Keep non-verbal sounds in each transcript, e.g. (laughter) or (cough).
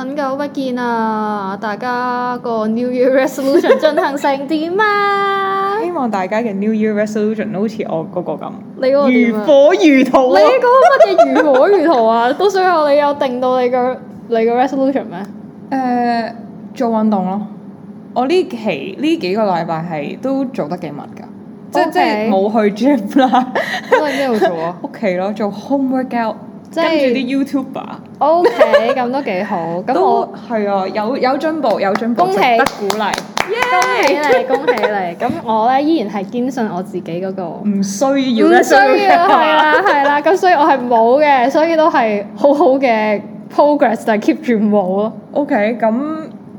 很久不見啊，大家個 New Year Resolution 進行成點啊？希望大家嘅 New Year Resolution 好似我嗰個咁，如火如荼。你嗰個乜嘢如火如荼啊？到最後你有定到你個你個 resolution 咩？誒，做運動咯。我呢期呢幾個禮拜係都做得幾密㗎，即係即係冇去 gym 啦。咁喺邊度做啊？屋企咯，做 home workout。跟住啲 YouTuber，O K，咁都幾好。咁我係啊，有有進步，有進步，得鼓勵。恭喜你，恭喜你。咁我咧依然係堅信我自己嗰個唔需要，唔需要，係啦，係啦。咁所以我係冇嘅，所以都係好好嘅 progress，但係 keep 住冇咯。O K，咁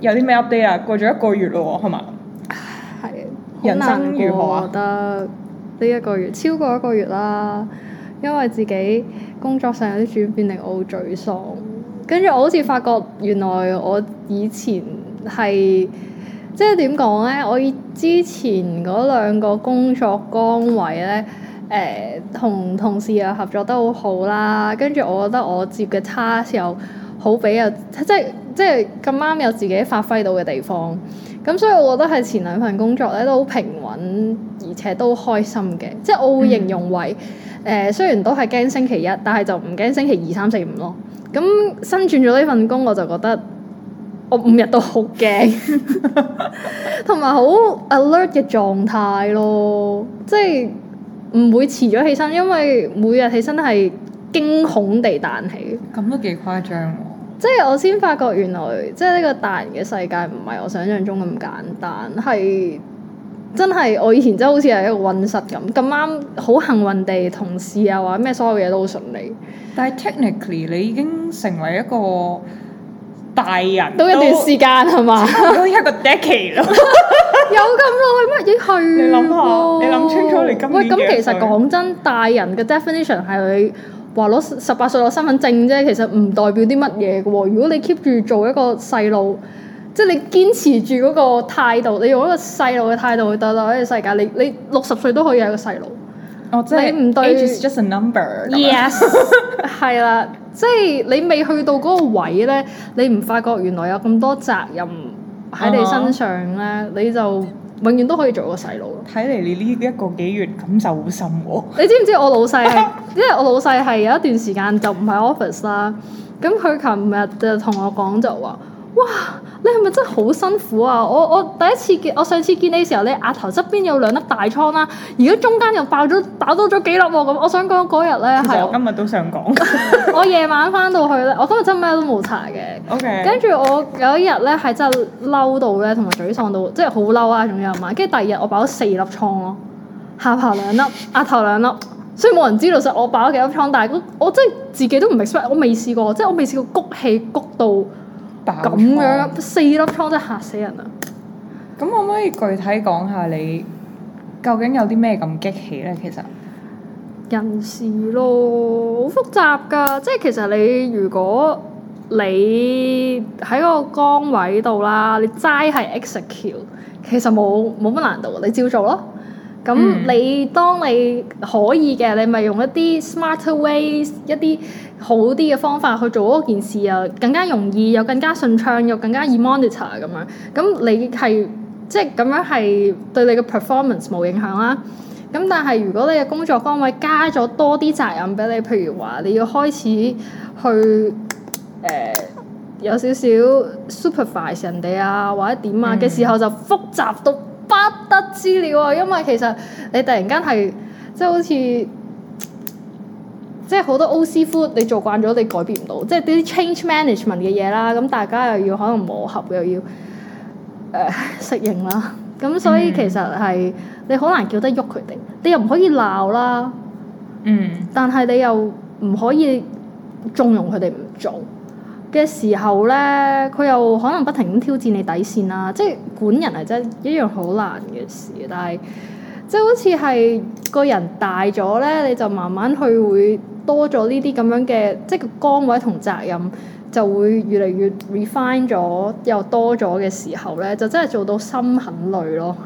有啲咩 update 啊？過咗一個月咯，係嘛？係，人生如何？我覺得呢一個月超過一個月啦，因為自己。工作上有啲轉變令我好沮喪，跟住我好似發覺原來我以前係即係點講咧，我以之前嗰兩個工作崗位咧，誒、呃、同同事又合作得好好啦，跟住我覺得我接嘅差事又比好俾又即係即係咁啱有自己發揮到嘅地方。咁所以，我覺得係前兩份工作咧都好平穩，而且都開心嘅。即係我會形容為誒、嗯呃，雖然都係驚星期一，但係就唔驚星期二、三四、五咯。咁、嗯、新轉咗呢份工，我就覺得我五日都好驚，同埋好 alert 嘅狀態咯。即係唔會遲咗起身，因為每日起身都係驚恐地彈起。咁都幾誇張。即係我先發覺原來，即係呢個大人嘅世界唔係我想象中咁簡單，係真係我以前真係好似係一個溫室咁，咁啱好幸運地同事啊，或者咩所有嘢都好順利。但係 technically 你已經成為一個大人，都一段時間係嘛？都一個 decade 啦，有咁耐咩？已經去？你諗下，你諗清楚嚟，今年喂。咁其實講真，大人嘅 definition 係佢。話攞十八歲攞身份證啫，其實唔代表啲乜嘢嘅喎。如果你 keep 住做一個細路，即係你堅持住嗰個態度，你用一個細路嘅態度去待待呢個世界，你你六十歲都可以係個細路。哦，即係你唔對。Age is just a number yes, 這樣。Yes，係啦，即係你未去到嗰個位咧，你唔發覺原來有咁多責任喺你身上咧，uh huh。你就。永遠都可以做個細路咯。睇嚟你呢一個幾月感受好深喎。 (laughs) 你知唔知我老細係，因為我老細係有一段時間就唔喺 office 啦。咁佢琴日就同我講就話。哇！你係咪真係好辛苦啊？我我第一次見我上次見你嘅時候，你額頭側邊有兩粒大瘡啦，而家中間又爆咗爆多咗幾粒喎、啊、咁。我想講嗰日咧係我今日都想講。 (laughs) (laughs) 我夜晚翻到去咧，我今日真係咩都冇搽嘅。O K。跟住我有一日咧係真係嬲到咧，同埋沮喪到，即係好嬲啊！仲有嘛？跟住第二日我爆咗四粒瘡咯，下巴兩粒，額頭兩粒，雖然冇人知道實我爆咗幾粒瘡。但係我，我真係自己都唔 expect，我未試過，即係我未試過谷氣谷到。咁樣四粒瘡真係嚇死人啊！咁可唔可以具體講下你究竟有啲咩咁激氣咧？其實人事咯，好複雜噶。即係其實你如果你喺個崗位度啦，你齋係 execute，其實冇冇乜難度，你照做咯。咁你當你可以嘅，你咪用一啲 smarter way 一啲好啲嘅方法去做嗰件事啊，更加容易又更加順暢又更加易 monitor 咁樣。咁你係即係咁樣係對你嘅 performance 冇影響啦。咁但係如果你嘅工作崗位加咗多啲責任俾你，譬如話你要開始去誒、呃、有少少 supervise 人哋啊或者點啊嘅、嗯、時候就複雜到。不得之了啊！因為其實你突然間係即係好似即係好多 OC food 你做慣咗你改變唔到，即係啲 change management 嘅嘢啦。咁大家又要可能磨合，又要誒、呃、適應啦。咁 (laughs) 所以其實係、mm. 你好難叫得喐佢哋，你又唔可以鬧啦。嗯，mm. 但係你又唔可以縱容佢哋唔做。嘅時候咧，佢又可能不停咁挑戰你底線啦，即係管人係真一樣好難嘅事，但係即係好似係個人大咗咧，你就慢慢去會多咗呢啲咁樣嘅，即係個崗位同責任就會越嚟越 refine 咗，又多咗嘅時候咧，就真係做到心很累咯，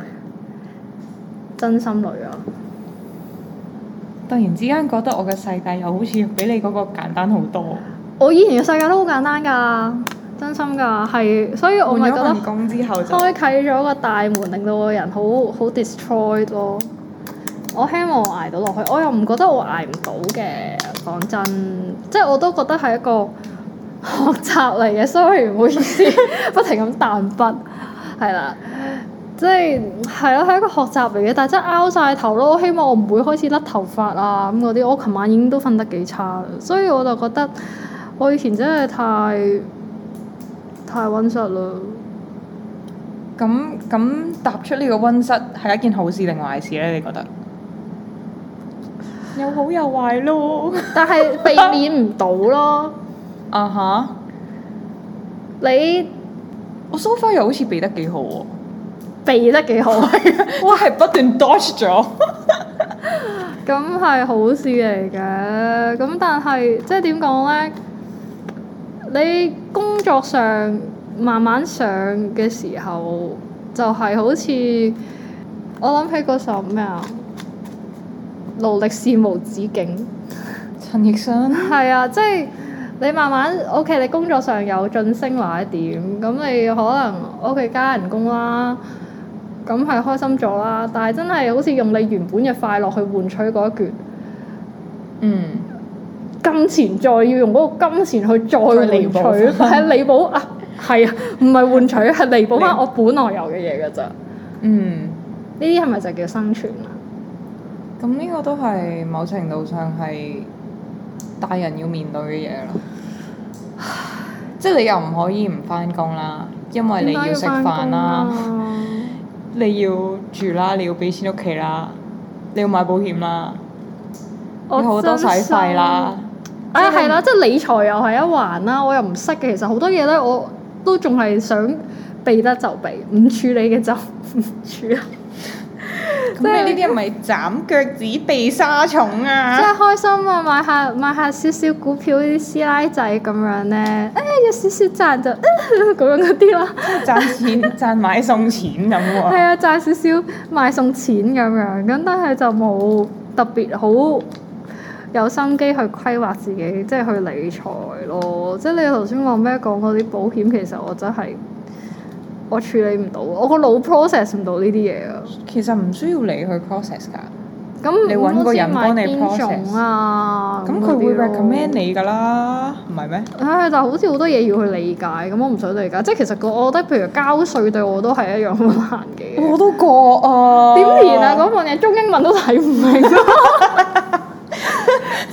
真心累啊！突然之間覺得我嘅世界又好似比你嗰個簡單好多。我以前嘅世界都好簡單㗎，真心㗎，係，所以我咪覺得開啟咗個大門，令到個人好好 destroyed 咯。我希望我捱到落去，我又唔覺得我捱唔到嘅，講真，即係我都覺得係一個學習嚟嘅。 (laughs) sorry，唔好意思， (laughs) (laughs) 不停咁彈筆，係啦，即係係咯，係一個學習嚟嘅，但係真係拗晒頭咯。我希望我唔會開始甩頭髮啊咁嗰啲。我琴晚已經都瞓得幾差，所以我就覺得。我以前真係太太溫室啦。咁咁踏出呢個溫室係一件好事定壞事咧？你覺得有好有壞咯，但係避免唔到咯。啊吓、 (laughs) uh？Huh. 你 我 so far 又好似避得幾好喎、啊，避得幾好，我係 (laughs) 不斷 dodge 咗。咁 (laughs) 係好事嚟嘅，咁但係即係點講咧？你工作上慢慢上嘅時候，就係、是、好似我諗起嗰首咩啊？勞力事無止境。陳奕迅。係啊，即、就、係、是、你慢慢 OK，你工作上有晉升或者點，咁你可能屋企、okay, 加人工啦，咁係開心咗啦。但係真係好似用你原本嘅快樂去換取嗰一橛。嗯。金錢再要用嗰個金錢去再換取，係彌補啊，係啊，唔係換取，係彌補翻我本來有嘅嘢㗎咋，嗯，呢啲係咪就叫生存啊？咁呢、嗯、個都係某程度上係大人要面對嘅嘢咯。 (laughs) 即係你又唔可以唔返工啦，因為你要食飯啦， (laughs) 你要住啦，你要俾錢屋企啦，你要買保險啦，你好多使費啦。啊，係啦、哎，即係理財又係一環啦，我又唔識嘅，其實好多嘢咧，我都仲係想避得就避，唔處理嘅就唔處理。咁你呢啲係咪斬腳趾避沙蟲啊？即係開心啊，買下買下少少股票啲師奶仔咁樣咧，誒、哎、有少少賺就咁、呃、樣嗰啲啦。賺錢 (laughs) 賺買送錢咁喎。係啊，賺少少買送錢咁樣，咁但係就冇特別好。有心機去規劃自己，即係去理財咯。即係你頭先話咩講嗰啲保險，其實我真係我處理唔到，我個腦 process 唔到呢啲嘢啊。其實唔需要你去 process 㗎，咁、嗯、你揾個人幫你 process 啊。咁佢樣會 recommend 你㗎啦，唔係咩？唉、啊，就好似好多嘢要去理解，咁我唔想理解。 (laughs) 即係其實個，我覺得譬如交稅對我都係一樣好難嘅。我都覺啊，點填啊嗰份嘢，中英文都睇唔明。 (laughs)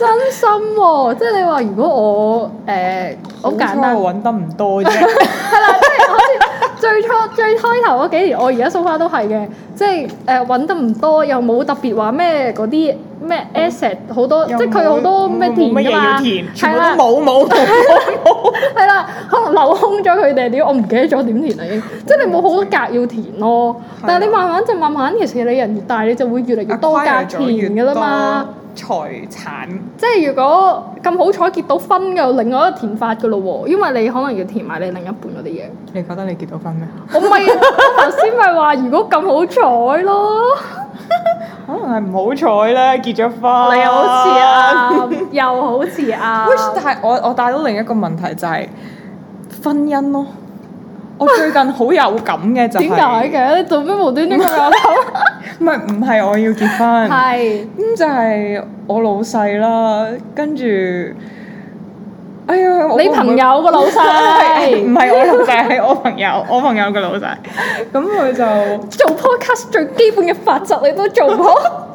真心喎，即係你話如果我誒好簡單揾得唔多啫，係啦，即係好似最初最開頭嗰幾年，我而家 so far 都係嘅，即係誒揾得唔多，又冇特別話咩嗰啲咩 asset 好多，即係佢好多咩填㗎嘛，全部都冇冇冇，係啦，可能留空咗佢哋啲，我唔記得咗點填啦，已經，即係你冇好多格要填咯，但係你慢慢就慢慢，其實你人越大，你就會越嚟越多格填㗎啦嘛。財產，即係如果咁好彩結到婚又另外一填法嘅咯喎，因為你可能要填埋你另一半嗰啲嘢。你覺得你結到婚咩？ (laughs) 我咪頭先咪話如果咁好彩咯， (laughs) 可能係唔好彩咧結咗婚、 (laughs) 啊。又好似啱、啊， (laughs) 又好似啱、啊。但係我我帶到另一個問題就係、是、婚姻咯。我最近好有感嘅就係點解嘅做咩無端端咁樣？ (laughs) (laughs) 唔係唔係，我要結婚。係咁就係我老細啦，跟住哎呀，你朋友個老細唔係我老細，係我朋友，我朋友個老細。咁佢就做 podcast 最基本嘅法則，你都做唔到。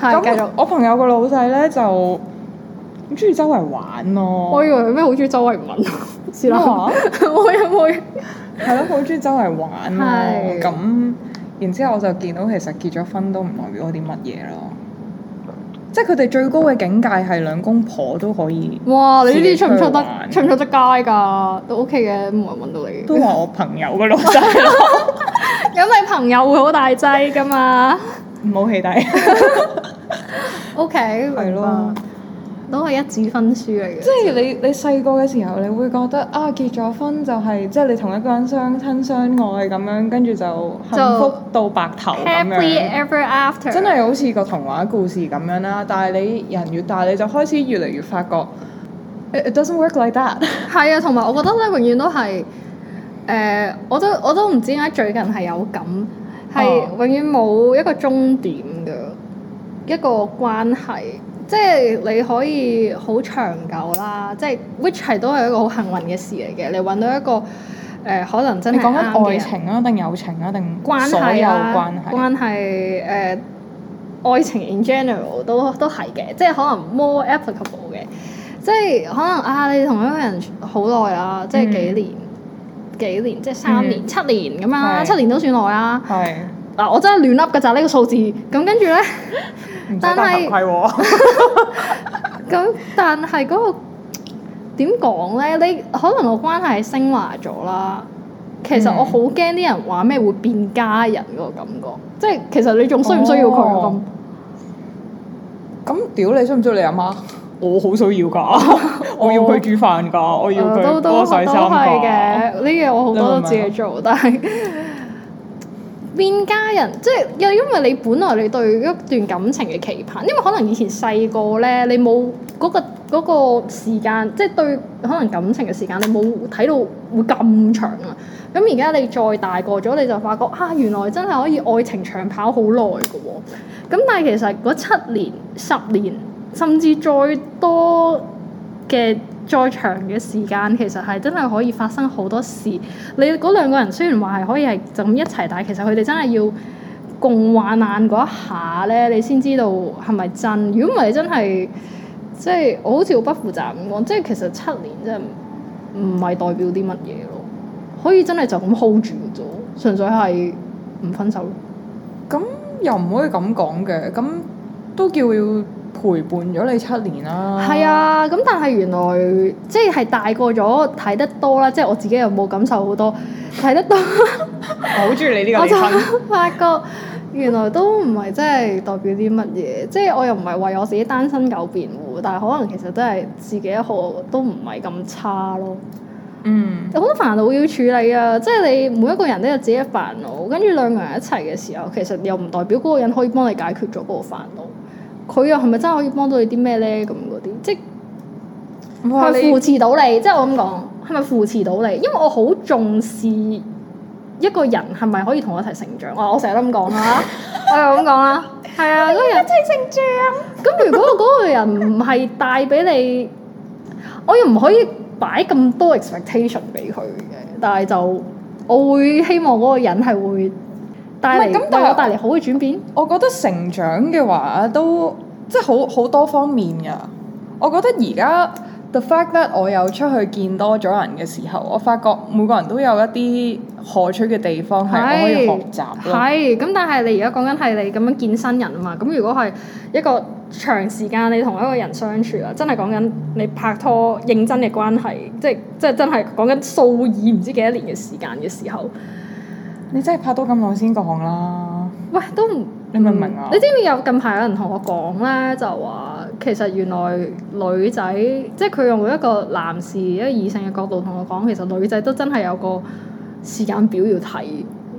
咁我朋友個老細咧就好中意周圍玩咯。我以為咩好中意周圍玩？試下，我有冇？係咯，好中意周圍玩咯，咁是然之後我就見到其實結咗婚都唔代表我啲乜嘢咯。即係佢哋最高嘅境界係兩公婆都可以。哇！你呢啲出唔出得出唔出得街噶？都 OK 嘅，冇人搵到你。都話我朋友嘅咯，咁、就、你、是、朋友會好大劑噶嘛？唔好氣大。O K，係咯。都係一紙婚書嚟嘅。即係你你細個嘅時候，你會覺得啊，結咗婚就係、是、即係你同一個人相親相愛咁樣，跟住就幸福到白頭 Happy ever after。就 (laughs) 真係好似個童話故事咁樣啦，但係你人越大，你就開始越嚟越發覺，it, it doesn't work like that。係啊，同埋我覺得咧，永遠都係誒、呃，我都我都唔知點解最近係有咁係、哦、永遠冇一個終點嘅一個關係。即係你可以好長久啦，即係 which 係都係一個好幸運嘅事嚟嘅，你揾到一個誒、呃、可能真係。你講緊愛情啊，定友情啊，定關係啦、啊？關係誒、呃，愛情 in general 都都係嘅，即係可能 more applicable 嘅，即係可能啊，你同一個人好耐啊，嗯、即係幾年、幾年，即係三年、嗯、七年咁樣，對七年都算耐對啊。係嗱，我真係亂噏嘅咋，呢個數字，咁跟住呢。 (laughs) 但係係咁但係嗰、嗰個點講咧？你可能個關係升華咗啦。其實我好驚啲人話咩會變家人嗰個感覺。嗯、即係其實你仲需唔需要佢啊？咁咁屌你需唔需要你阿媽？我好需要噶。 (laughs) 我要佢煮飯噶，哦、我要佢幫、呃、我洗衫嘅，呢嘢，我好多都自己做是是但嘅是笑。變家人即係又因為你本來你對一段感情嘅期盼，因為可能以前細個咧，你冇嗰個嗰個時間，即係對可能感情嘅時間，你冇睇到會咁長啊。咁而家你再大個咗，你就發覺啊，原來真係可以愛情長跑好耐㗎喎。咁但係其實嗰七年、十年，甚至再多嘅。再長嘅時間其實係真係可以發生好多事。你嗰兩個人雖然話係可以係就咁一齊，但係其實佢哋真係要共患難嗰一下咧，你先知道係咪真。如果唔係真係，即係我好似好不負責咁講，即係其實七年真係唔係代表啲乜嘢咯。可以真係就咁 hold 住咗，純粹係唔分手咯。咁又唔可以咁講嘅，咁都叫要。陪伴咗你七年啦，係啊！咁但係原來即係大個咗睇得多啦，即係我自己又冇感受好多睇得多。 (laughs) (laughs) 我好中意你呢個。我就發覺原來都唔係真係代表啲乜嘢， (laughs) 即係我又唔係為我自己單身狗辯護，但係可能其實真係自己一個都唔係咁差咯。嗯，有好多煩惱要處理啊！即係你每一個人都有自己嘅煩惱，跟住兩個人一齊嘅時候，其實又唔代表嗰個人可以幫你解決咗嗰個煩惱。佢又係咪真係可以幫到你啲咩咧？咁嗰啲，即係哇扶持到你。即係你我咁講，係咪扶持到你？因為我好重視一個人係咪可以同我一齊成長。我我成日都咁講啦，我又咁講啦。係啊，嗰人、 (laughs) 啊啊、一齊成長。咁如果嗰個人唔係帶俾你，我又唔可以擺咁多 expectation 俾佢嘅。但係就我會希望嗰個人係會。但係咁，我帶嚟好嘅轉變。我覺得成長嘅話都，都即係好好多方面嘅。我覺得而家 the fact that 我有出去見多咗人嘅時候，我發覺每個人都有一啲可取嘅地方係係可以學習。係，咁但係你而家講緊係你咁樣見新人啊嘛？咁如果係一個長時間你同一個人相處啊，真係講緊你拍拖認真嘅關係，即係即係真係講緊數以唔知幾多年嘅時間嘅時候。你真係拍到咁耐先講啦！喂，都唔，你明唔明啊？你知唔知有近排有人同我講咧？就話其實原來女仔即係佢用一個男士、一個異性嘅角度同我講，其實女仔都真係有個時間表要睇、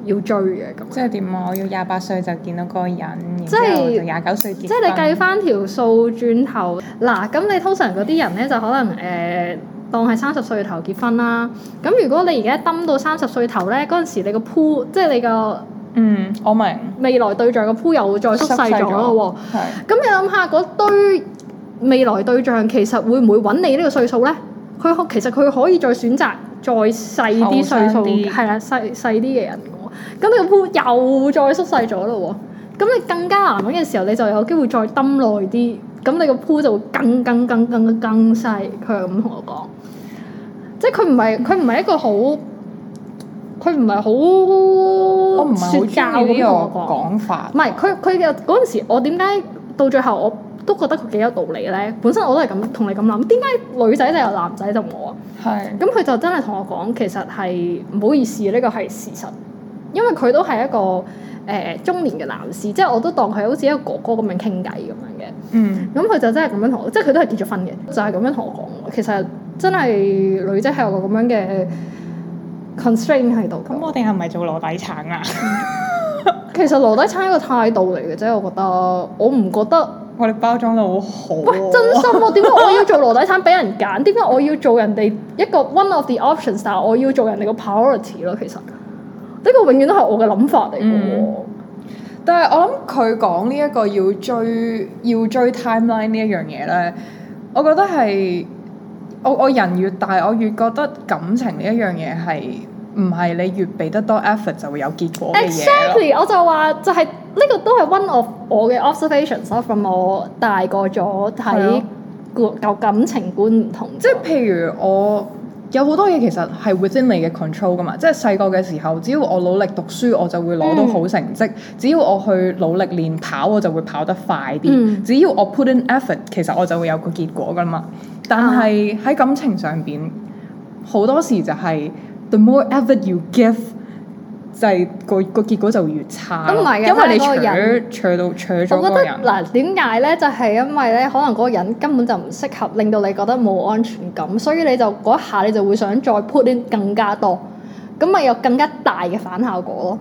要追嘅咁。即係點啊？我要廿八歲就見到嗰個人，即係廿九歲見。即係你計翻條數，轉頭嗱，咁你通常嗰啲人咧就可能誒。呃當係三十歲頭結婚啦，咁如果你而家登到三十歲頭咧，嗰陣時你個鋪，即係你個，嗯，我明未來對象個鋪又再縮細咗咯喎。係。咁你諗下，嗰堆未來對象其實會唔會揾你呢個歲數咧？佢其實佢可以再選擇再細啲歲數，係啦，細細啲嘅人嘅喎。咁你個鋪又再縮細咗咯喎。咁你更加難揾嘅時候，你就有機會再登耐啲。咁你個鋪就會更更更更更細，佢係咁同我講，即係佢唔係佢唔係一個好，佢唔係好。我唔係好中意呢個講法，啊。唔係，佢佢又嗰陣時，我點解到最後我都覺得佢幾有道理咧？本身我都係咁同你咁諗，點解女仔就有男仔就冇啊？係。咁佢就真係同我講，其實係唔好意思，呢個係事實。因為佢都係一個誒、呃、中年嘅男士，即係我都當佢好似一個哥哥咁樣傾偈咁樣嘅。嗯，咁佢就真係咁樣同我，即係佢都係結咗婚嘅，就係、是、咁樣同我講。其實真係女仔係有個咁樣嘅 constraint 喺度。咁我定係唔係做籮底橙啊？ (laughs) 其實籮底橙一個態度嚟嘅啫，我覺得我唔覺得。我哋包裝得好好啊。喂，真心啊！點解我要做籮底橙俾人揀？點解 (laughs) 我要做人哋一個 one of the options 啊？但我要做人哋個 priority 咯，其實。呢個永遠都係我嘅諗法嚟嘅喎，但係我諗佢講呢一個要追要追 timeline 呢一樣嘢咧，我覺得係我我人越大，我越覺得感情呢一樣嘢係唔係你越俾得多 effort 就會有結果。Exactly，我就話就係呢個都係 one of 我嘅 observations (laughs) from 我大 (laughs) 個咗睇個感情觀唔同。即係 (laughs) 譬如我。有好多嘢其實係 within 你嘅 control 噶嘛，即係細個嘅時候，只要我努力讀書，我就會攞到好成績；嗯、只要我去努力練跑，我就會跑得快啲；嗯、只要我 put in effort，其實我就會有個結果噶嘛。但係喺感情上邊，好、啊、多時就係、是、the more effort you give。就係、是、個個結果就會越差，因為你搶搶到搶咗個人，我覺得嗱，點解咧？就係、是、因為咧，可能嗰個人根本就唔適合，令到你覺得冇安全感，所以你就嗰一下你就會想再 put in 更加多，咁咪有更加大嘅反效果咯。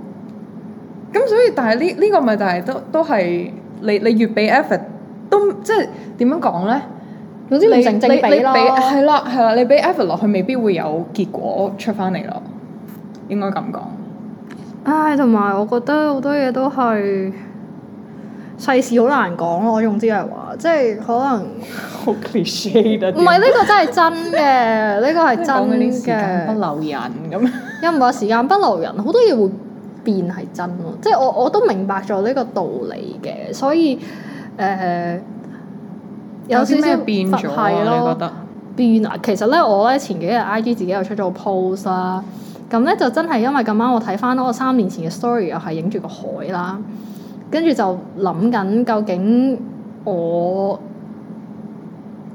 咁、嗯、所以，但係、這個就是、呢呢個咪就係都都係你你越俾 effort 都即係點樣講咧？總之唔成正，正比咯。係啦係啦，你俾 effort 落去，未必會有結果出翻嚟咯。應該咁講。唉，同埋、哎、我覺得好多嘢都係世事好難講咯。我總之係話，即係可能好唔係呢個真係真嘅，呢 (laughs) 個係真嘅。不留人咁，因為時間不留人，好多嘢會變係真咯。 (laughs) 即係我我都明白咗呢個道理嘅，所以誒、呃、有少少有變咗啊？咯你啊？其實咧，我咧前幾日 IG 自己又出咗 post 啦。咁咧就真係因為咁啱，我睇翻我三年前嘅 story 又係影住個海啦，跟住就諗緊究竟我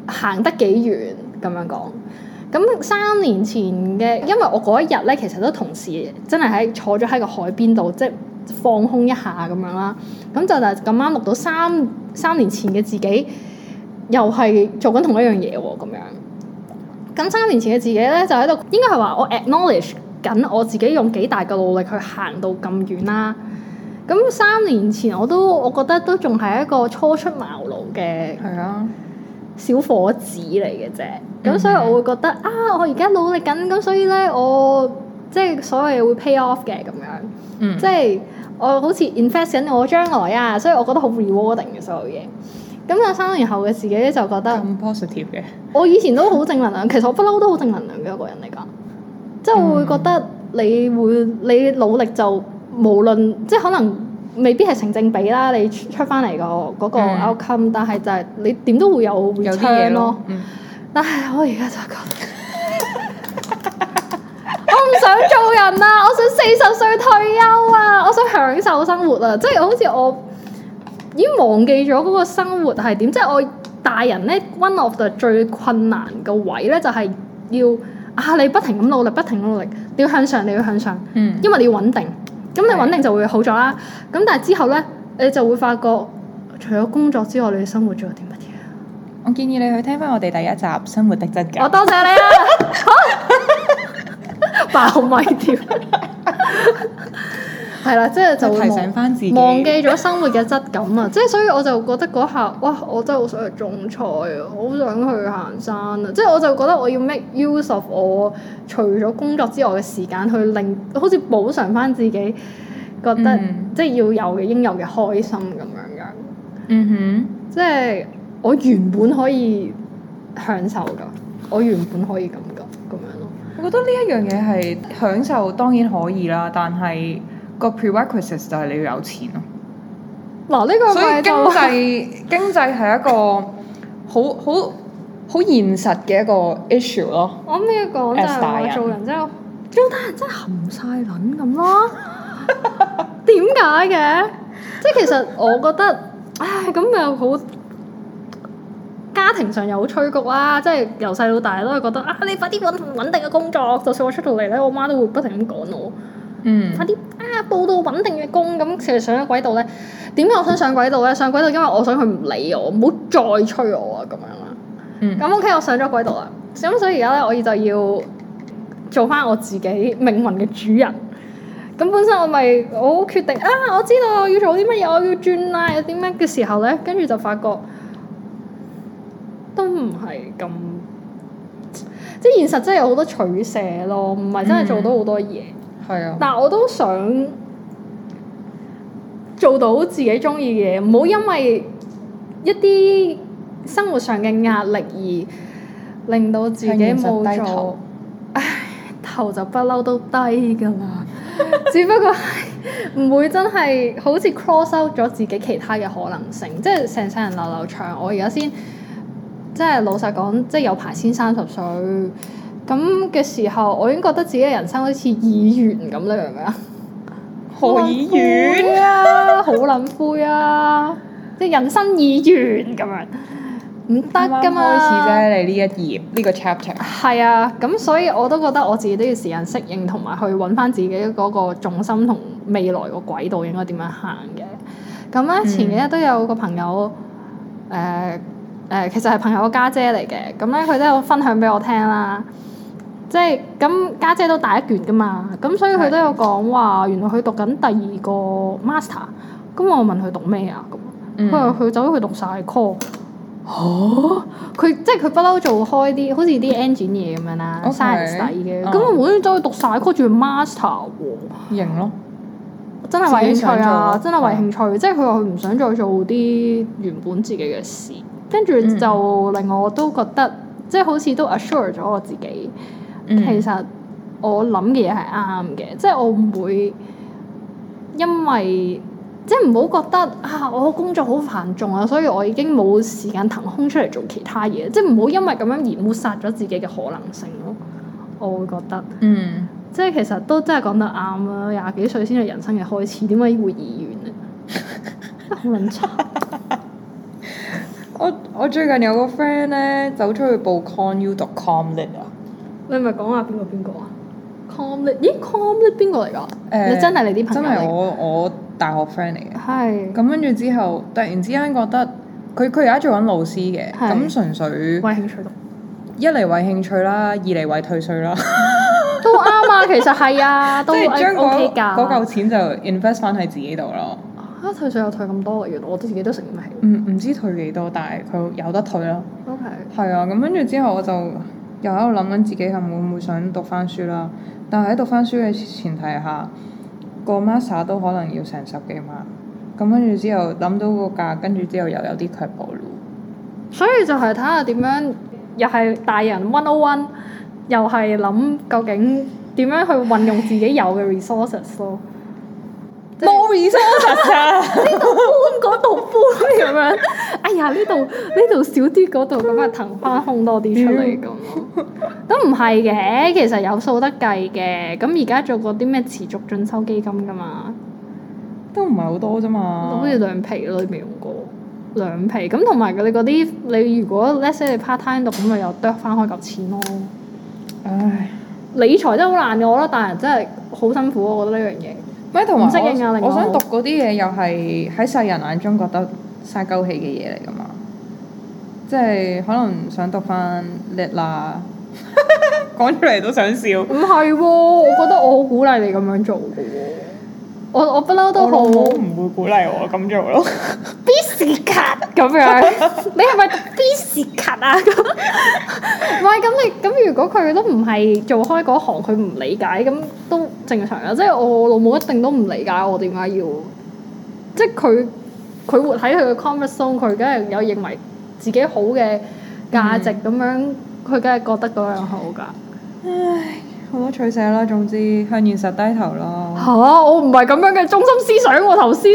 行得幾遠咁樣講？咁三年前嘅，因為我嗰一日咧，其實都同時真係喺坐咗喺個海邊度，即係放空一下咁樣啦。咁就就咁啱錄到三三年前嘅自己，又係做緊同一樣嘢喎咁樣。咁三年前嘅自己咧，就喺度應該係話我 acknowledge。緊我自己用幾大嘅努力去行到咁遠啦、啊，咁三年前我都我覺得都仲係一個初出茅廬嘅係啊，小伙子嚟嘅啫，咁、嗯、所以我會覺得啊，我而家努力緊，咁所以咧我即係所謂會 pay off 嘅咁樣，嗯、即係我好似 invest 緊我將來啊，所以我覺得好 rewarding 嘅所有嘢。咁我三年後嘅自己咧就覺得咁 positive 嘅，我以前都好正能量，其實我不嬲都好正能量嘅一個人嚟㗎。即係會覺得你會你努力就無論即係可能未必係成正比啦，你出翻嚟個嗰個 outcome，、嗯、但係就係你點都會有啲嘢咯。咯嗯、但係我而家就覺得 (laughs) (laughs) 我唔想做人啦，我想四十歲退休啊，我想享受生活啊！即係好似我已經忘記咗嗰個生活係點。即係我大人咧，one of the 最困難嘅位咧，就係、是、要。啊！你不停咁努力，不停咁努力，你要向上，你要向上，嗯，因為你要穩定，咁你穩定就會好咗啦。咁是的 但係之後咧，你就會發覺，除咗工作之外，你嘅生活仲有啲乜嘢？我建議你去聽翻我哋第一集《生活的質感》。我多謝、謝你啊！ (laughs) (laughs) 爆米條跳笑。係啦，即係就醒、是、會忘，提醒自己忘記咗生活嘅質感啊！即係 (laughs) 所以我就覺得嗰下，哇！我真係好想去種菜啊，好想去行山啊！即、就、係、是、我就覺得我要 make use of 我除咗工作之外嘅時間，去令好似補償翻自己，覺得、嗯、即係要有嘅應有嘅開心咁樣樣。嗯哼，即係我原本可以享受噶，我原本可以咁噶，咁樣咯。我覺得呢一樣嘢係享受當然可以啦，但係，個 prerequisites 就係你要有錢咯。嗱，呢個所以經濟 (laughs) 經濟係一個好好好現實嘅一個 issue 咯。我咩講就係話做人之後做大人真係含晒卵咁啦。點解嘅？ (laughs) 即係其實我覺得唉咁又好家庭上又好催谷啦、啊。即係由細到大都係覺得啊，你快啲揾穩，穩定嘅工作。就算我出到嚟咧，我媽都會不停咁講我。揦啲、嗯、啊，報到穩定嘅工，咁其實上咗軌道咧。點解我想上軌道咧？上軌道因為我想佢唔理我，唔好再催我啊，咁樣啦。咁、嗯、OK，我上咗軌道啦。咁所以而家咧，我而就要做翻我自己命運嘅主人。咁本身我咪我好決定啊，我知道我要做啲乜嘢，我要轉 line 有啲咩嘅時候咧，跟住就發覺都唔係咁。即係現實真係有好多取捨咯，唔係真係做到好多嘢。嗯但我都想做到自己中意嘅嘢，唔好因為一啲生活上嘅壓力而令到自己冇做，唉， (laughs) 頭就不嬲都低噶啦。 (laughs) 只不過唔會真係好似 cross out 咗自己其他嘅可能性，即係成世人流流長。我而家先即係老實講，即係有排先三十歲。咁嘅時候，我已經覺得自己嘅人生好似意願咁樣 (laughs) 啊，何意願啊？好撚灰啊！即係人生意願咁樣，唔得㗎嘛！開始咧，你呢一頁呢個 chapter 係啊，咁所以我都覺得我自己都要時間適應，同埋去揾返自己嗰個重心同未來個軌道應該點樣行嘅。咁咧，前幾日都有個朋友，誒誒、嗯呃呃，其實係朋友嘅家姐嚟嘅。咁咧，佢都有分享俾我聽啦。即係咁，家姐都大一卷㗎嘛，咁所以佢都有講話是的，原來佢讀緊第二個 master。咁我問佢讀咩啊？咁佢話佢走咗去讀晒 course。佢即係佢不嬲做開啲好似啲 engine 嘢、er、咁樣啦，細細嘅。咁佢冇咗去讀晒 course，仲 master 喎。型咯！真係為興趣啊！真係為興趣。嗯、即係佢話佢唔想再做啲原本自己嘅事，跟住就令我都覺得即係好似都 assure 咗我自己。嗯、其實我諗嘅嘢係啱嘅，即係我唔會因為即係唔好覺得啊，我工作好繁重啊，所以我已經冇時間騰空出嚟做其他嘢，即係唔好因為咁樣而抹殺咗自己嘅可能性咯。我會覺得，嗯，即係其實都真係講得啱啊！廿幾歲先係人生嘅開始，點解會二元啊？我我最近有個 friend 咧，走出去報 conu.com 呢啊！你係咪講話邊個邊個啊 c o m l e 咦 c o m l e 邊個嚟㗎？誒你真係你啲朋友真係我我大學 friend 嚟嘅。係。咁跟住之後，突然之間覺得佢佢而家做緊老師嘅。咁純粹為興趣一嚟為興趣啦，二嚟為退稅啦。都啱啊，其實係啊，都 OK 㗎。嗰嚿錢就 invest 翻喺自己度咯。嚇！退稅又退咁多嘅？原來我自己都食唔起。嗯，唔知退幾多，但係佢有得退咯。OK。係啊，咁跟住之後我就。又喺度諗緊自己係會唔會想讀翻書啦，但係喺讀翻書嘅前提下，個 master 都可能要成十幾萬，咁跟住之後諗到個價，跟住之後又有啲卻步咯。所以就係睇下點樣，又係大人101，又係諗究竟點樣去運用自己有嘅 resources 咯。 (laughs) (laughs) 冇意思，呢度 (laughs) 搬嗰度 (laughs) 搬咁樣。 (laughs) (laughs) 哎呀，呢度呢度少啲，嗰度咁咪騰翻空多啲出嚟咁。 (laughs) 都唔係嘅，其實有數得計嘅。咁而家做過啲咩持續進修基金㗎嘛？都唔係好多啫嘛。好似兩皮你都未用過，兩皮咁同埋佢你嗰啲，你如果 let’s say 你 part time 讀，咁咪又剁翻開嚿錢咯。唉，理財真係好難嘅，我覺得，但係真係好辛苦，我覺得呢樣嘢。咪同埋我，啊、我想讀嗰啲嘢又係喺世人眼中覺得嘥鳩氣嘅嘢嚟噶嘛，即係可能想讀翻叻啦，講出嚟都想笑。唔係喎，我覺得我好鼓勵你咁樣做嘅喎。我我不嬲都好，我，我，我老母唔會鼓勵我咁做咯。Biscuit 咁樣，你係咪 Biscuit 啊？唔係咁你咁，如果佢都唔係做開嗰行，佢唔理解咁都正常啦。即係我老母一定都唔理解我點解要，即係佢佢活喺佢嘅 comfort zone，佢梗係有認為自己好嘅價值咁、嗯、樣，佢梗係覺得嗰樣好噶。唉、嗯。 (laughs) 好多取捨啦，總之向現實低頭咯。嚇、啊！我唔係咁樣嘅中心思想、啊、 (laughs) (laughs) (laughs) 我頭先。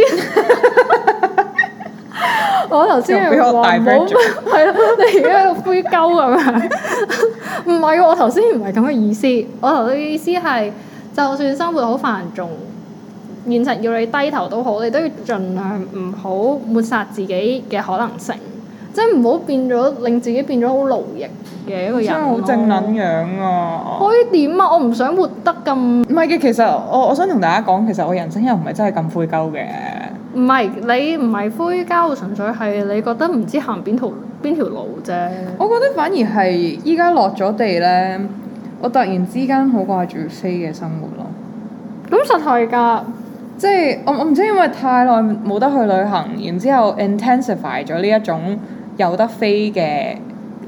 我頭先係話唔好，係咯，你而家個灰鳩咁樣。唔係喎，我頭先唔係咁嘅意思。我頭嘅意思係，就算生活好繁重，現實要你低頭都好，你都要盡量唔好抹殺自己嘅可能性。即係唔好變咗，令自己變咗好奴役嘅一個人。真係好正能樣啊！可以點啊？我唔想活得咁。唔係嘅，其實我我想同大家講，其實我人生又唔係真係咁灰鳩嘅。唔係，你唔係灰鳩，純粹係你覺得唔知行邊條邊條路啫。我覺得反而係依家落咗地咧，我突然之間好掛住飛嘅生活咯。咁實係㗎，即係我我唔知因為太耐冇得去旅行，然之後 intensify 咗呢一種。有得飛嘅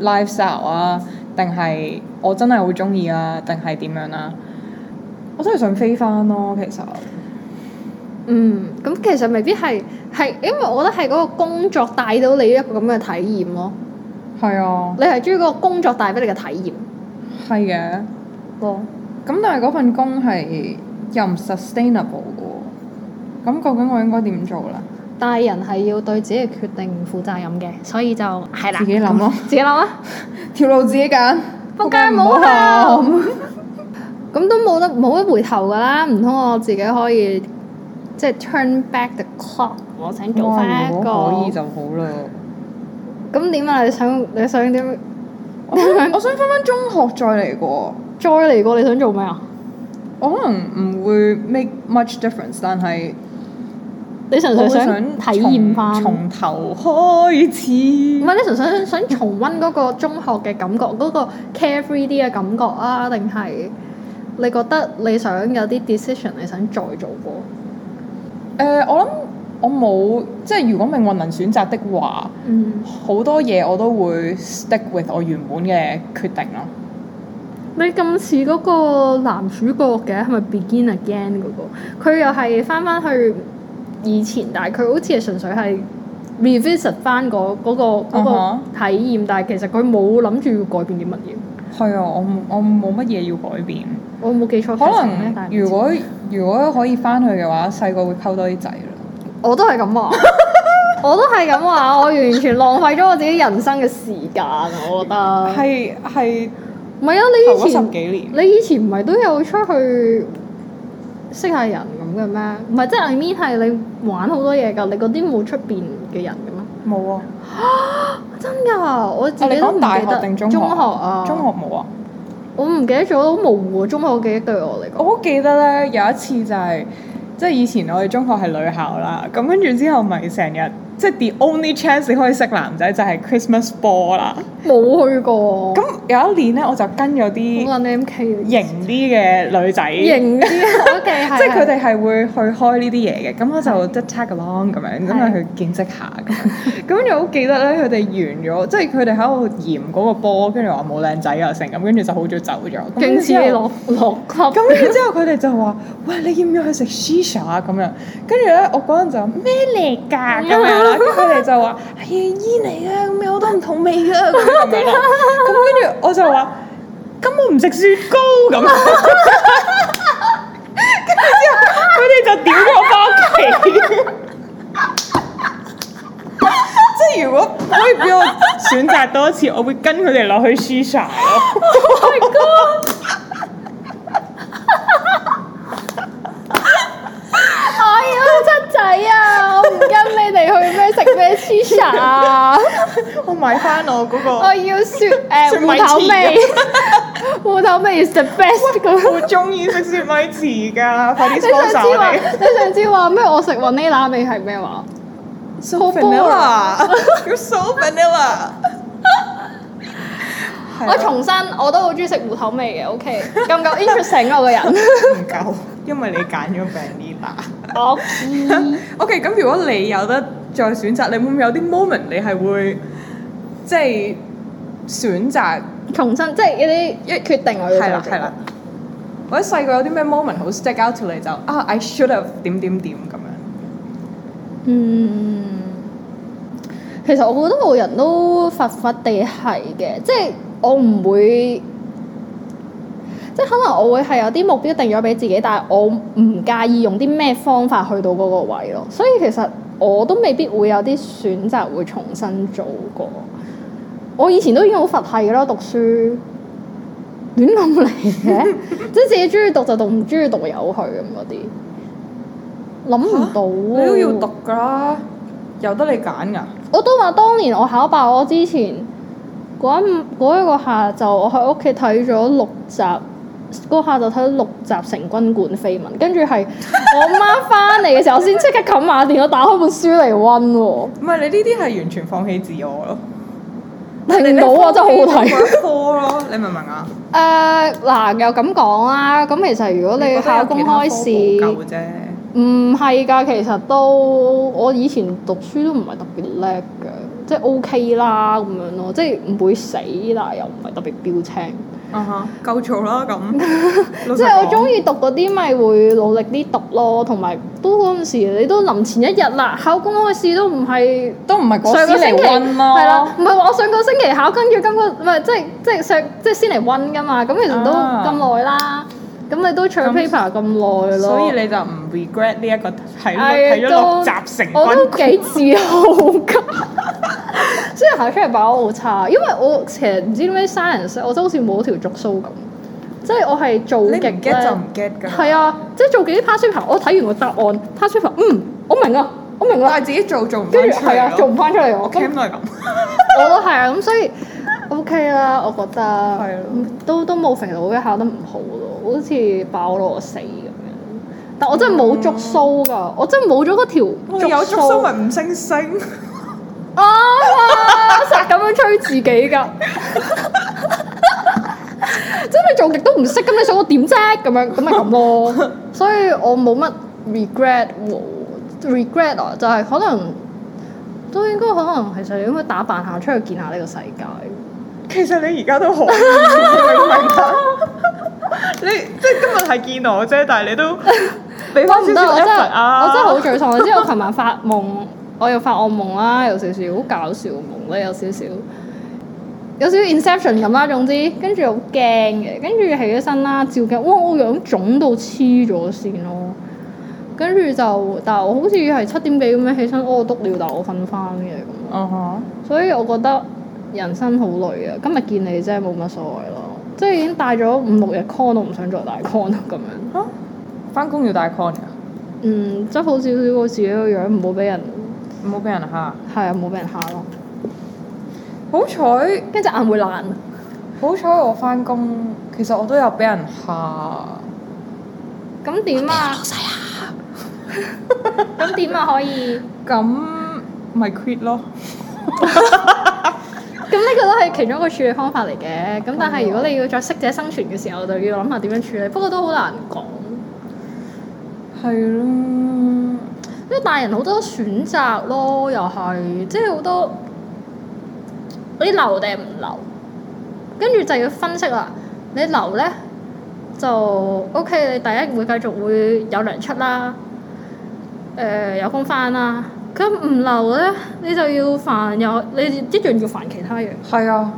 lifestyle 啊，定係我真係好中意啊，定係點樣啦、啊？我真係想飛返咯，其實。嗯，咁其實未必係係，因為我覺得係嗰個工作帶到你一個咁嘅體驗咯。係啊。是啊、你係中意嗰個工作帶俾你嘅體驗的？係嘅。咯。咁但係嗰份工係又唔 sustainable 喎。咁究竟我應該點做咧？大人係要對自己嘅決定負責任嘅，所以就自己諗咯、啊， (laughs) 自己諗啊，條路自己揀，仆街可不介無頭，咁 (laughs) (laughs) 都冇得冇得回頭噶啦，唔通我自己可以即係 turn back the clock，我想做翻一個可以就好啦。咁點啊？你想你想點？ (laughs) 我想翻翻中學再嚟過，再嚟過你想做咩啊？我可能唔會 make much difference，但係。你純粹想體驗翻，從頭開始。唔係，你純粹想重溫嗰個中學嘅感覺，嗰 (laughs) 個 carefree 啲嘅感覺啊？定係你覺得你想有啲 decision，你想再做過？誒、呃，我諗我冇，即係如果命運能選擇的話，好、嗯、多嘢我都會 stick with 我原本嘅決定咯、啊。你咁似嗰個男主角嘅係咪 begin again 嗰、嗰個？佢又係翻翻去。以前，但係佢好似係純粹係 revisit 翻嗰嗰個嗰、嗰個、體驗，uh huh. 但係其實佢冇諗住要改變啲乜嘢。係啊， (noise) (noise) 我我冇乜嘢要改變。 (noise) 我冇記錯，可能如果如果可以翻去嘅話，細個會溝多啲仔 (laughs) (laughs) 我都係咁話，我都係咁話，我完全浪費咗我自己人生嘅時間。我覺得係係，唔係 (laughs) (laughs) 啊？你以前 (laughs) 你以前唔係十幾都有出去？識下人咁嘅咩？唔係，即、就、係、是、I mean 係你玩好多嘢㗎，你嗰啲冇出邊嘅人嘅咩？冇啊，啊！真㗎，我、啊、你講大學定中，中學啊？中學冇啊！我唔記得咗，好模糊啊！中學記憶對我嚟講，我好記得咧，有一次就係即係以前我哋中學係女校啦，咁跟住之後咪成日。即係 the only chance 你可以識男仔就係 Christmas ball 啦，冇去過。咁有一年咧，我就跟咗啲型啲嘅女仔，型啲，即係佢哋係會去開呢啲嘢嘅。咁我就即係 tag along 咁樣，咁去見識下嘅。咁又好記得咧，佢哋完咗，即係佢哋喺度鹽嗰個 b 跟住話冇靚仔又成咁，跟住就好早走咗。跟住落落級，咁之後佢哋就話：喂，你要唔要去食 p i z a 咁樣，跟住咧，我嗰陣就咩嚟㗎？跟佢哋就話：係姨煙嚟嘅，咁有好多唔同味嘅咁樣啦。咁跟住我就話：咁我唔食雪糕咁。跟住佢哋就掉我返屋企。 (laughs) (laughs) 即係如果可以俾我選擇多一次，我會跟佢哋落去 shisha 咯。My God (laughs) 食芝士啊！我買翻我嗰個。我要雪誒芋頭味，芋頭味 is the best。我中意食雪米糍噶，快啲幫手你上次話咩？我食 vanilla 味係咩話？So vanilla，you're so vanilla。我重新，我都好中意食芋頭味嘅。OK，夠唔夠 interesting 我個人？唔夠，因為你揀咗 vanilla。OK 咁如果你有得。再選擇，你，你會唔會有啲 moment 你係會即係選擇重新即係一啲一決定我要？我覺得係啦係啦。或者細個有啲咩 moment 好 stick out to 你就啊，I should have 點點點咁樣。嗯，其實我覺得每人都佛佛地係嘅，即係我唔會即係可能我會係有啲目標定咗俾自己，但係我唔介意用啲咩方法去到嗰個位咯。所以其實。我都未必會有啲選擇，會重新做過。我以前都已經好佛系㗎啦，讀書亂諗嚟嘅， (laughs) 即係自己中意讀就讀，唔中意讀又去咁嗰啲。諗唔到都要讀噶，由得你揀噶。我都話當年我考爆我之前一嗰一個下晝，我喺屋企睇咗六集。嗰下就睇到六集成《成均館緋聞》，跟住係我媽翻嚟嘅時候，先即刻冚埋電，我打開本書嚟温喎。唔係你呢啲係完全放棄自我咯，聽唔到啊，真係好好睇咯。你明唔明啊？誒嗱，又咁講啦，咁其實如果你考公開試，唔係㗎，其實都我以前讀書都唔係特別叻㗎，即係 OK 啦咁樣咯，即係唔會死啦，但又唔係特別標青。啊、uh huh, 夠做啦咁， (laughs) 實 (laughs) 即係我中意讀嗰啲咪會努力啲讀咯，同埋都嗰陣時你都臨前一日啦，考公開試都唔係都唔係嗰時嚟温咯，唔係溫咯 話我上個星期考跟住今個唔係即係即係上即係先嚟温噶嘛，咁其實都咁耐啦。啊啊咁你都唱 paper 咁耐、嗯、咯，所以你就唔 regret 呢、這個、一個睇睇咗六集成 (laughs) 我都幾自豪㗎。即係考出嚟把握好差，因為我成唔知咩 science，我都好似冇咗條鬚蘇咁。即係我係做極咧，就唔 get 㗎。係啊，即係做幾啲 paper，我睇完個答案 paper，嗯，我明啊，我明啊，但係自己做做唔返出、啊、做唔返出嚟，我 cam 都係咁，我都係啊，咁所以。OK 啦，我覺得，的都都冇肥佬嘅考得唔好咯，好似爆我死咁樣。但我真係冇捉蘇噶，我真係冇咗嗰條捉。我有捉蘇咪五星星。啊！實咁樣吹自己噶，真係做極都唔識，咁你想我點啫？咁樣咁咪咁咯。所以我冇乜 regret (laughs) regret 啊，就係、是、可能都應該可能其實應該打扮下出去見下呢個世界。其實你而家都好， (laughs) (laughs) 你即係今日係見我啫，但係你都俾翻少少壓力啊！我真係好沮喪，你知 (laughs) 我琴晚發夢， (laughs) 我又發惡夢啦，有少少好搞笑嘅夢咧，有少少有少少 inception 咁啦，總之跟住好驚嘅，跟住起咗身啦，照鏡，哇！我樣腫到黐咗線咯，跟住就但係我好似係七點幾咁樣起身屙、嗰個、督尿，但我瞓翻嘅， (laughs) 所以我覺得。人生好累啊！今日見你真係冇乜所謂咯，即係已經戴咗五六日 con 都唔想再戴 con 啦咁樣。嚇、啊！翻工要戴 con 啊？嗯，執好少少我自己個樣，唔好俾人，唔好俾人嚇。係啊，唔好俾人嚇咯。好彩，跟住眼會爛。好彩我翻工，其實我都有俾人嚇。咁點啊？嚇啊！咁 (laughs) 點 (laughs) 啊？可以？咁咪 quit 咯。不行不行 (laughs) 咁呢個都係其中一個處理方法嚟嘅，咁、嗯、但係如果你要再適者生存嘅時候，就要諗下點樣處理。不過都好難講，係咯啦，因為大人好多選擇咯，又係即係好多你留定唔留，跟住就要分析啦。你留咧就 OK，你第一會繼續會有糧出啦，誒、呃、有工返啦。咁唔留咧，你就要煩又，你一樣要煩其他嘢。係 (noise) 啊，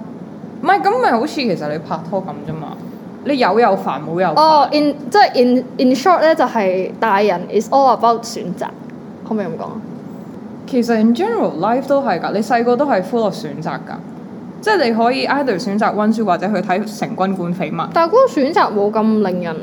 唔係咁咪好似其實你拍拖咁啫嘛，你有又煩，冇又煩。哦，in 即係 in in short 咧，就係大人 is all about 選擇，可唔可以咁講？其實 in general life 都係㗎，你細個都係 full 選擇㗎，即係你可以 either 選擇溫書或者去睇成軍管緋聞。但係嗰個選擇冇咁令人，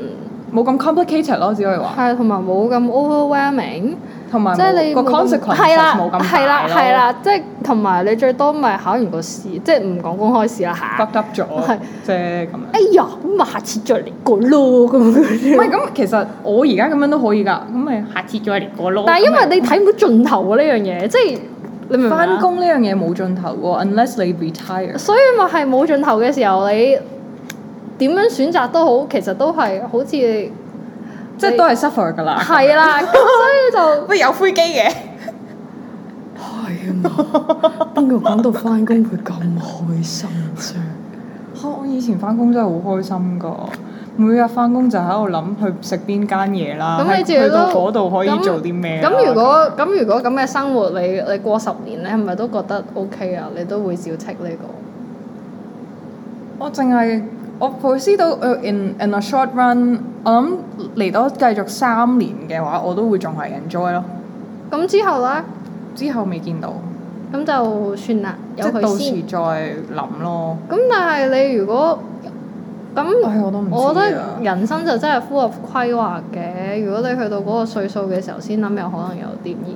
冇咁 complicated 咯，只可以話。係，同埋冇咁 overwhelming。同埋，有有即係你個 consequence 冇咁了大咯。即係同埋你最多咪考完個試，即係唔講公開試啦嚇。得得咗，係啫咁樣。哎呀，咁咪下次再嚟過咯咁。唔係咁，其實我而家咁樣都可以噶，咁咪下次再嚟過咯。但係因為你睇唔到盡頭喎呢樣嘢，即係你返工呢樣嘢冇盡頭喎，unless 你 retire。所以咪係冇盡頭嘅時候，你點樣選擇都好，其實都係好似。即係都係 suffer 㗎啦，係啦，咁所以就喂有灰機嘅。係啊嘛，邊個講到返工會咁開心啫 (laughs) 、哦？我以前返工真係好開心㗎，每日返工就喺度諗去食邊間嘢啦。咁你自己去到嗰度可以做啲咩？咁如果咁這樣 如果咁嘅生活，你你過十年咧，係咪都覺得 OK 啊？你都會照 take 呢個？我淨係。我反思到，in in a short run，我諗嚟到繼續三年嘅話，我都會仲係 enjoy 咯。咁之後咧？之後未見到，咁就算啦。即係到時再諗咯。咁先但係你如果咁，我都唔，我覺得人生就真係符合規劃嘅。如果你去到嗰個歲數嘅時候先諗，有可能有啲異。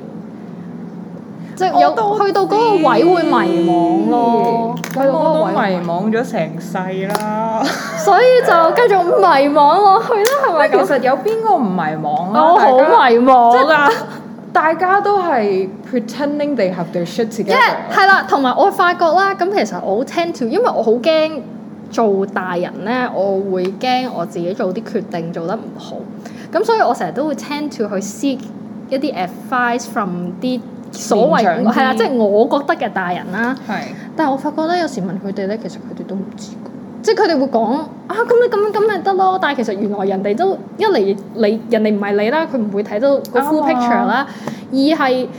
即到去到嗰個位會迷惘咯，我都迷惘咗成世啦。 (laughs) 所以就繼續迷惘落去啦，係咪？其實有邊個唔迷惘啊？我好、哦、家迷惘、啊，即大家都係 pretending they have their shit together。因為係啦，同埋我發覺啦，咁其實我好 tend to，因為我好驚做大人呢，我會驚我自己做啲決定做得唔好。咁所以我成日都會 tend to 去 seek 一啲 advice from 啲。所謂係啦、啊，即係我覺得嘅大人啦、啊。係是。但係我發覺咧，有時問佢哋咧，其實佢哋都唔知。即係佢哋會講啊，咁你咁樣咁咪得咯。但係其實原來人哋都一嚟你，你人哋唔係你啦，佢唔會睇到 full picture 啦。二係、啊、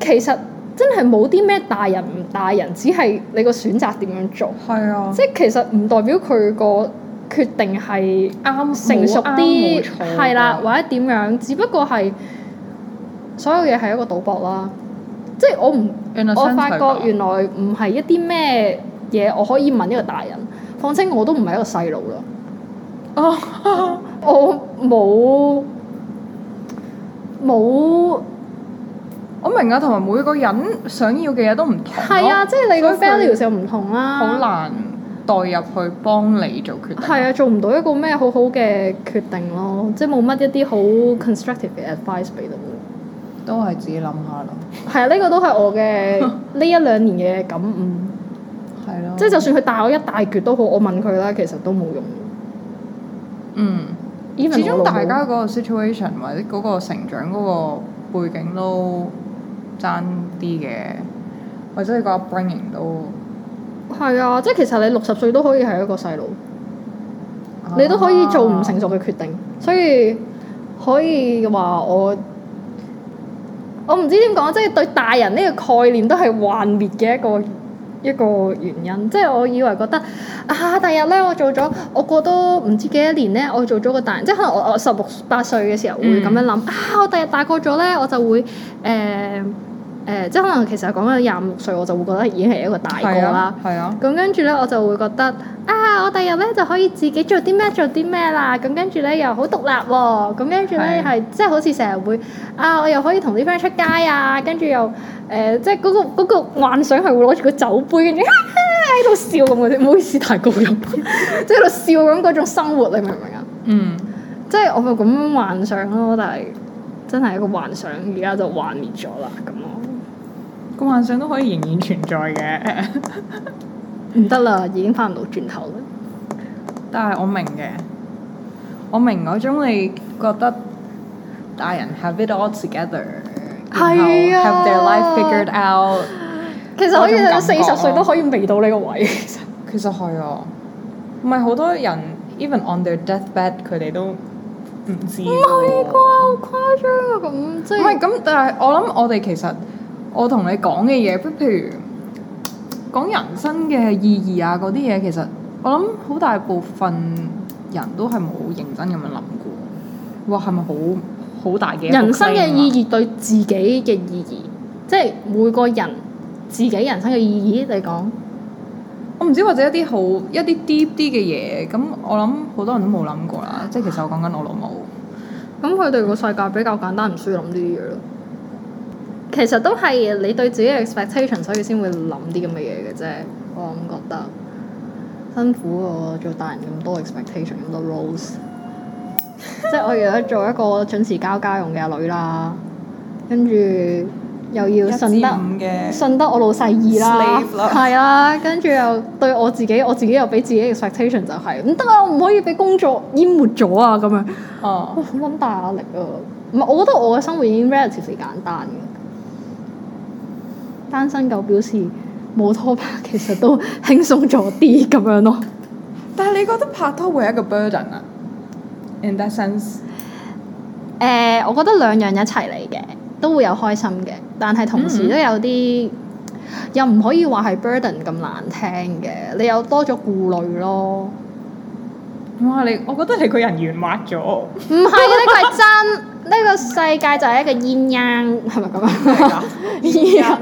其實真係冇啲咩大人唔大人，只係你個選擇點樣做。係啊。即係其實唔代表佢個決定係啱成熟啲係啦，啊、或者點樣？只不過係。所有嘢係一個賭博啦，即係我唔，a 我發覺原來唔係一啲咩嘢，我可以問一個大人，況且我都唔係一個細路啦。哦、oh, (laughs) 我冇冇，我明啊，同埋每個人想要嘅嘢都唔同。係啊，即係我你個 family 又唔同啦、啊，好難代入去幫你做決定、啊。係啊，做唔到一個咩好好嘅決定咯，即係冇乜一啲好 constructive 嘅 advice 俾到你。都係自己諗下咯。係啊，呢個都係我嘅呢 (laughs) 一兩年嘅感悟。係咯。即係就算佢大我一大橛都好，我問佢啦，其實都冇用。嗯。以始終大家嗰個 situation 或者嗰個成長嗰個背景都爭啲嘅，或者你個 bringing 都係啊！即係其實你六十歲都可以係一個細路，你都可以做唔成熟嘅決定，啊、所以可以話我。我唔知點講，即係對大人呢個概念都係幻滅嘅一個一個原因，即係我以為覺得啊，第日呢，我做咗我過多唔知幾多年呢，我做咗個大人，即係可能我我十六八歲嘅時候會咁樣諗、嗯、啊，我第日大個咗呢，我就會誒。呃誒、呃，即係可能其實講緊廿五六歲，我就會覺得已經係一個大個啦。係啊。係啊。咁、啊、跟住咧，我就會覺得啊，我第日咧就可以自己做啲咩做啲咩啦。咁跟住咧又好獨立喎。咁跟住咧係，啊、即係好似成日會啊，我又可以同啲 friend 出街啊。跟住又誒、呃，即係、嗰個嗰個幻想係會攞住個酒杯，跟住喺度笑咁嘅，唔好意思，太高入，即係喺度笑咁嗰 (laughs) (laughs) 種生活，你明唔明啊？嗯。即係我個咁樣幻想咯，但係真係一個幻想，而家就幻滅咗啦，咁咯。個幻想都可以仍然存在嘅，唔得啦，已經翻唔到轉頭啦。但係我明嘅，我明嗰種你覺得大人 have it all together，係啊，然後 have their life figured out，其實可以四十歲都可以未到呢個位。 (laughs) 其實其實係啊，唔係好多人 even on their deathbed 佢哋都唔知。唔係啩？好誇張啊！咁即係唔係咁？但係我諗我哋其實。我同你講嘅嘢，不譬如講人生嘅意義啊，嗰啲嘢其實我諗好大部分人都係冇認真咁樣諗過。哇，係咪好好大嘅？人生嘅意義，對自己嘅意義， (laughs) 即係每個人自己人生嘅意義你講，我唔知或者一啲好一啲 deep 啲嘅嘢，咁我諗好多人都冇諗過啦。即係其實我講緊我老母，咁佢哋個世界比較簡單，唔需要諗呢啲嘢咯。其實都係，你對自己嘅 expectation，所以先會諗啲咁嘅嘢嘅啫。我諗覺得辛苦喎，做大人咁多 expectation，咁多 roles。即係 (laughs) 我而家做一個準時交家用嘅女啦，跟住又要順得嘅，順得我老細意啦，係啊。 (laughs) 跟住又對我自己，我自己又俾自己 expectation 就係唔得啊，唔可以俾工作淹沒咗啊咁樣。哦、uh，好諗大壓力啊！唔係，我覺得我嘅生活已經 relatively 簡單嘅。單身狗表示冇拖拍，其實都呵呵 (laughs) 輕鬆咗啲咁樣咯。 (laughs) 但係你覺得拍拖會係一個 burden 啊？In that sense，誒、呃，我覺得兩樣一齊嚟嘅都會有開心嘅，但係同時都有啲 (laughs) 又唔可以話係 burden 咁難聽嘅，你有多咗顧慮咯。哇！你我覺得你個人圓滑咗。唔係，呢個係真，呢 (laughs) 個世界就係一個煙鴛，係咪咁樣啊？煙鴛。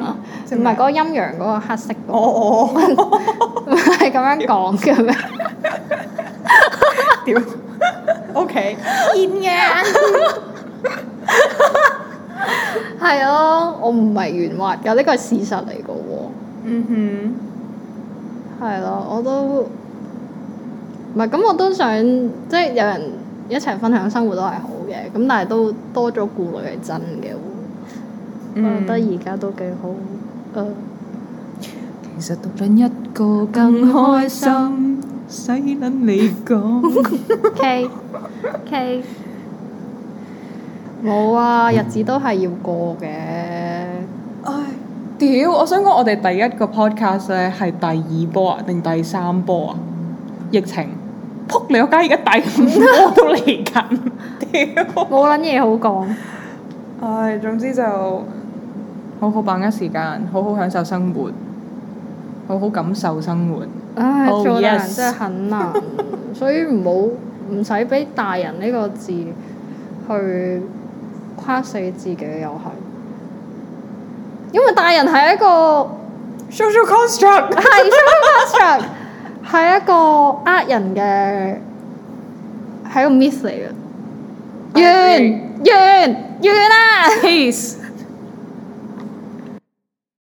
唔係嗰個陰陽，嗰個黑色哦哦哦哦， (laughs) 唔係咁樣講嘅咩？屌，O K，見嘅，係對咯，我唔係圓滑嘅，呢個係事實嚟嘅喎。嗯哼、mm，係、hmm. 咯對，我都唔係咁，我都想即係有人一齊分享生活都係好嘅。咁但係都多咗顧慮係真嘅喎。Mm hmm. 我覺得而家都幾好。Uh, 其實讀緊一個更開心，使捻 (laughs) 你講。 (laughs) OK k Okay .冇 (laughs) 啊，日子都係要過嘅。唉，屌！我想講，我哋第一個 podcast 咧係第二波啊，定第三波啊？疫情撲 (laughs) 你個街，而家第五波都嚟緊，屌！冇捻嘢好講。唉，總之就。好好把握時間，好好享受生活，好好感受生活。唉、哎，做人真係很難，oh, yes. (laughs) 所以唔好唔使俾大人呢個字去誇死自己又係，因為大人係一個 social construct，係係一個呃人嘅，係一個 miss 嚟嘅。完、完、完啊。